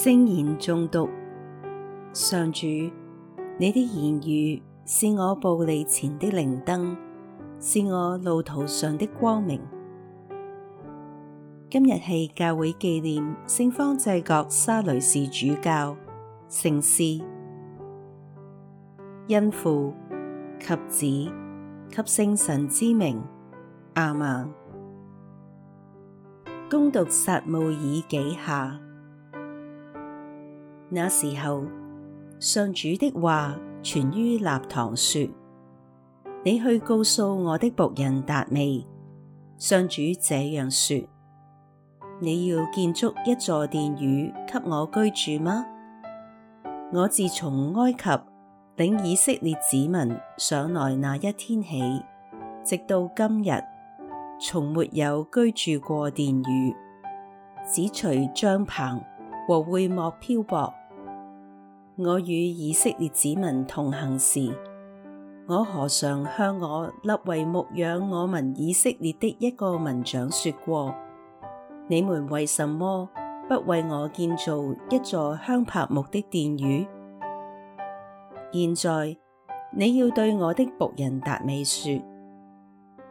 聖言誦讀。上主，你的言語是我步履前的靈燈，是我路途上的光明。今日係教會紀念聖方濟各沙雷氏主教、聖師，因父及子及聖神之名。阿孟，恭讀撒慕爾紀下。那時候，上主的話傳於納堂說：你去告訴我的僕人達味，上主這樣說：你要建築一座殿宇給我居住嗎？我自從埃及領以色列子民上來那一天起，直到今日，從沒有居住過殿宇，只隨帳棚和會幕漂泊。我與以色列子民同行時，我何嘗向我立為牧養我民以色列的一個民長說過：你們為什麼不為我建造一座香柏木的殿宇？現在，你要對我的僕人達味說：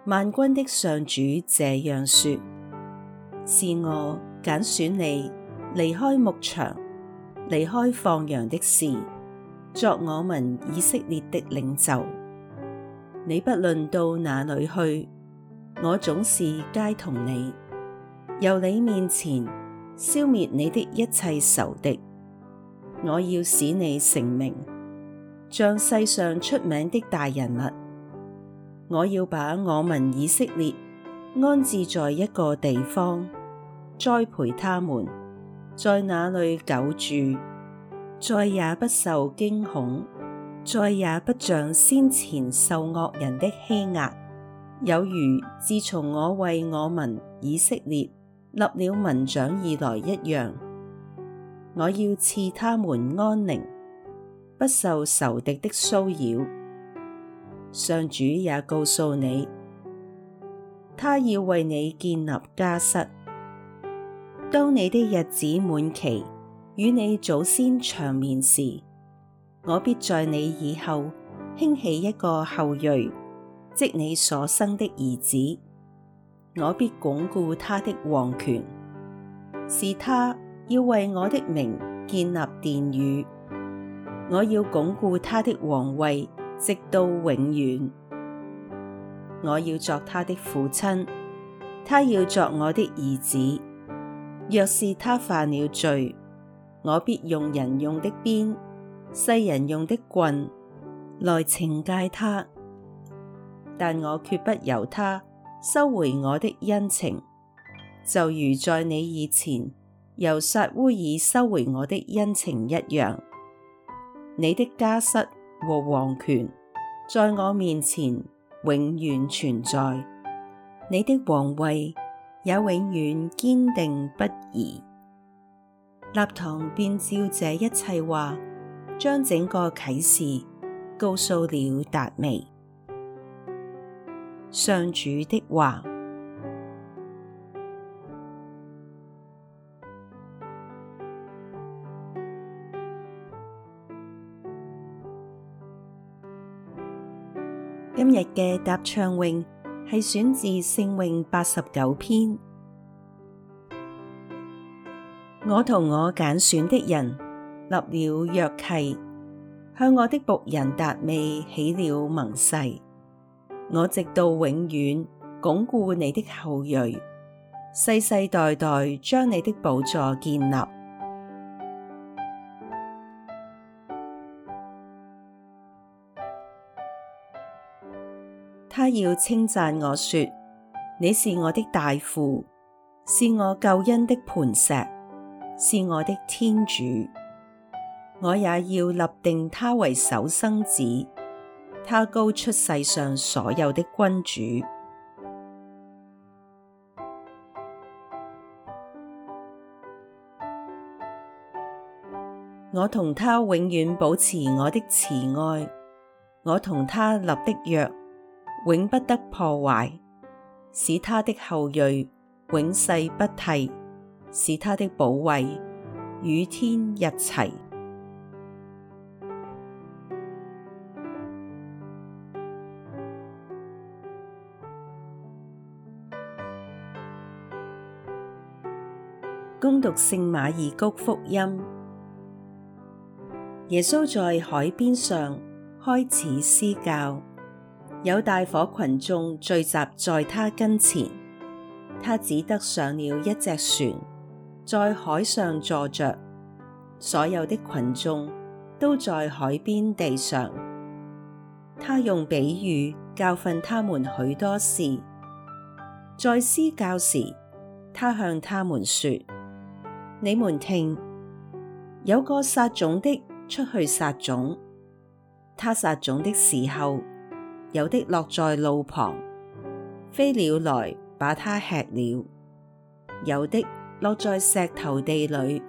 萬軍的上主這樣說：是我揀選你離開牧場。離開放羊的事，作我民以色列的領袖。你不論到哪裏去，我總是偕同你。由你面前消滅你的一切仇敵。我要使你成名，像世上出名的大人物。我要把我民以色列安置在一個地方，栽培他們。在那裏久住，再也不受驚恐，再也不像先前受惡人的欺壓，有如自從我為我民以色列立了民長以來一樣。我要賜他們安寧，不受仇敵的騷擾。上主也告訴你，他要為你建立家室。當你的日子滿期，與你祖先長眠時，我必在你以後興起一個後裔，即你所生的兒子。我必鞏固他的王權，是他要為我的名建立殿宇。我要鞏固他的王位，直到永遠。我要作他的父親，他要作我的兒子。若是他犯了罪，我必用人用的鞭，世人用的棍來懲戒他；但我決不由他收回我的恩情，就如在你以前由撒烏耳收回我的恩情一樣。你的家室和王權在我面前永遠存在，你的王位，也永遠堅定不移。納堂便照這一切話，將整個啟示告訴了達味。上主的話。今日嘅答唱詠。」係選自聖詠八十九篇。我同我揀選的人立了約契，向我的僕人達味起了盟誓，我直到永遠鞏固你的後裔，世世代代將你的寶座建立。他要稱讚我說，你是我的大父，是我救恩的磐石，是我的天主。我也要立定他為首生子，他高出世上所有的君主。我同他永遠保持我的慈愛，我同他立的約。永不得破壞，使他的後裔永世不替，使他的寶位與天日齊。恭讀聖馬爾谷福音，耶穌在海邊上開始施教。有大伙群眾聚集在他跟前，他只得上了一隻船，在海上坐着。所有的群眾都在海邊地上。他用比喻教訓他們許多事。在施教時，他向他們說：你們聽，有個撒種的出去撒種，他撒種的時候。有的落在路旁，飛鳥來把它吃了；有的落在石頭地裏，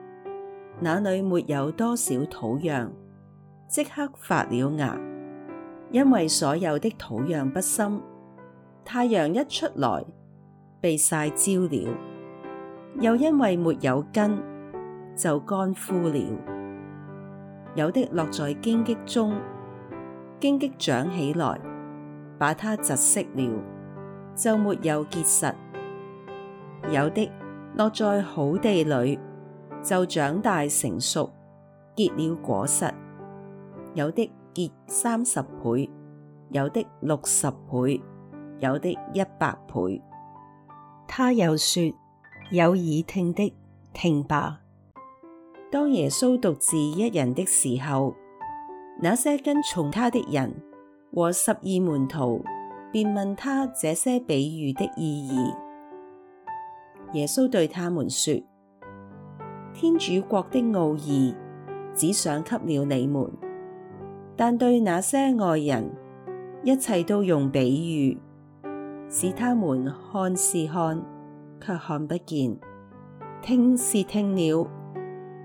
那裏沒有多少土壤，即刻發了芽。因為所有的土壤不深，太陽一出來，被曬焦了，又因為沒有根，就乾枯了。有的落在荊棘中，荊棘長起來。把它窒息了，就沒有結實；有的落在好地裏，就長大成熟，結了果實；有的結三十倍，有的六十倍，有的一百倍。他又說：有耳聽的，聽吧！當耶穌獨自一人的時候，那些跟從他的人，和十二門徒便問他這些比喻的意義。耶穌對他們說：天主國的奧義只賞給了你們，但對那些外人，一切都用比喻，使他們看是看，卻看不見，聽是聽了，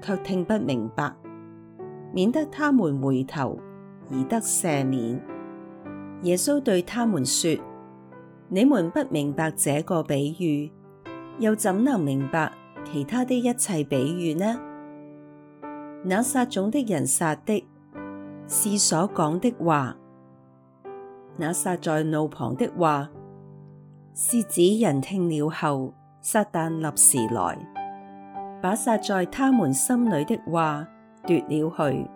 卻聽不明白，免得他們回頭而得赦免。耶穌對他們說：你們不明白這個比喻，又怎能明白其他的一切比喻呢？那撒種的人撒的是所講的話，那撒在路旁的話是指人聽了後，撒殫立時來把撒在他們心裏的話奪了去，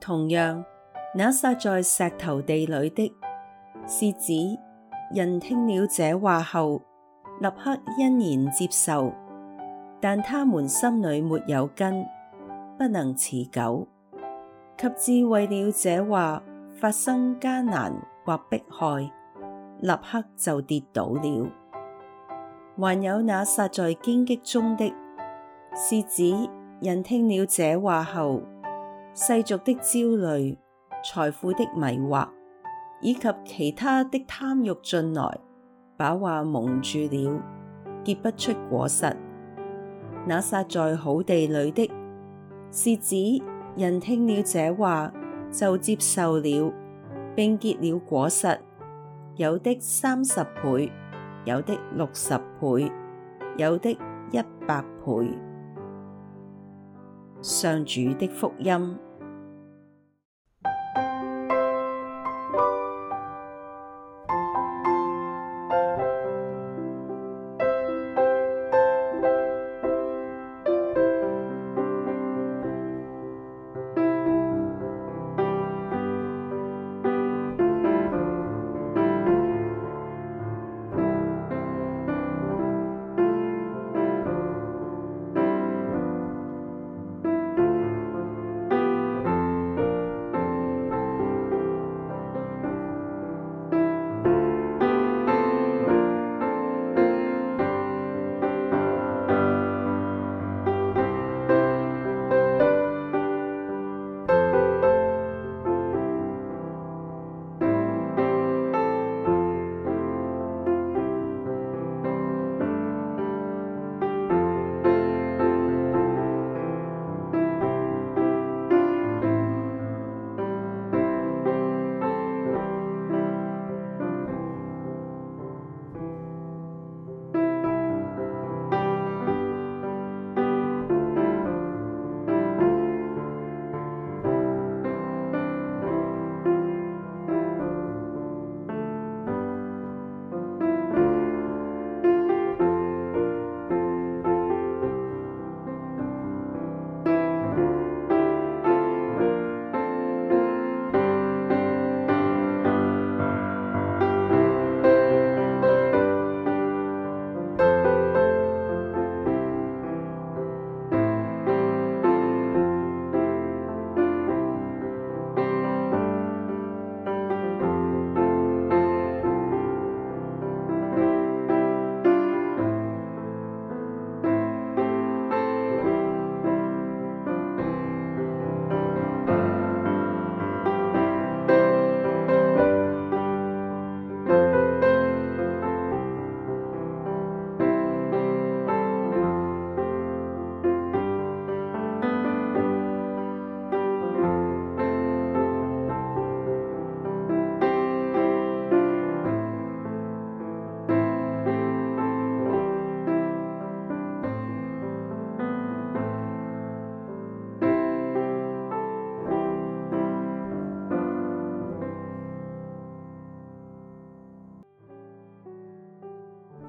同樣。那撒在石頭地裏的，是指人聽了這話後，立刻欣然接受，但他們心裏沒有根，不能持久，及至為了這話發生艱難或迫害，立刻就跌倒了。還有那撒在荊棘中的，是指人聽了這話後，世俗的焦慮。財富的迷惑，以及其他的貪慾進來，把話蒙住了，結不出果實。那撒在好地裏的，是指人聽了這話，就接受了，並結了果實，有的三十倍，有的六十倍，有的一百倍。—上主的福音。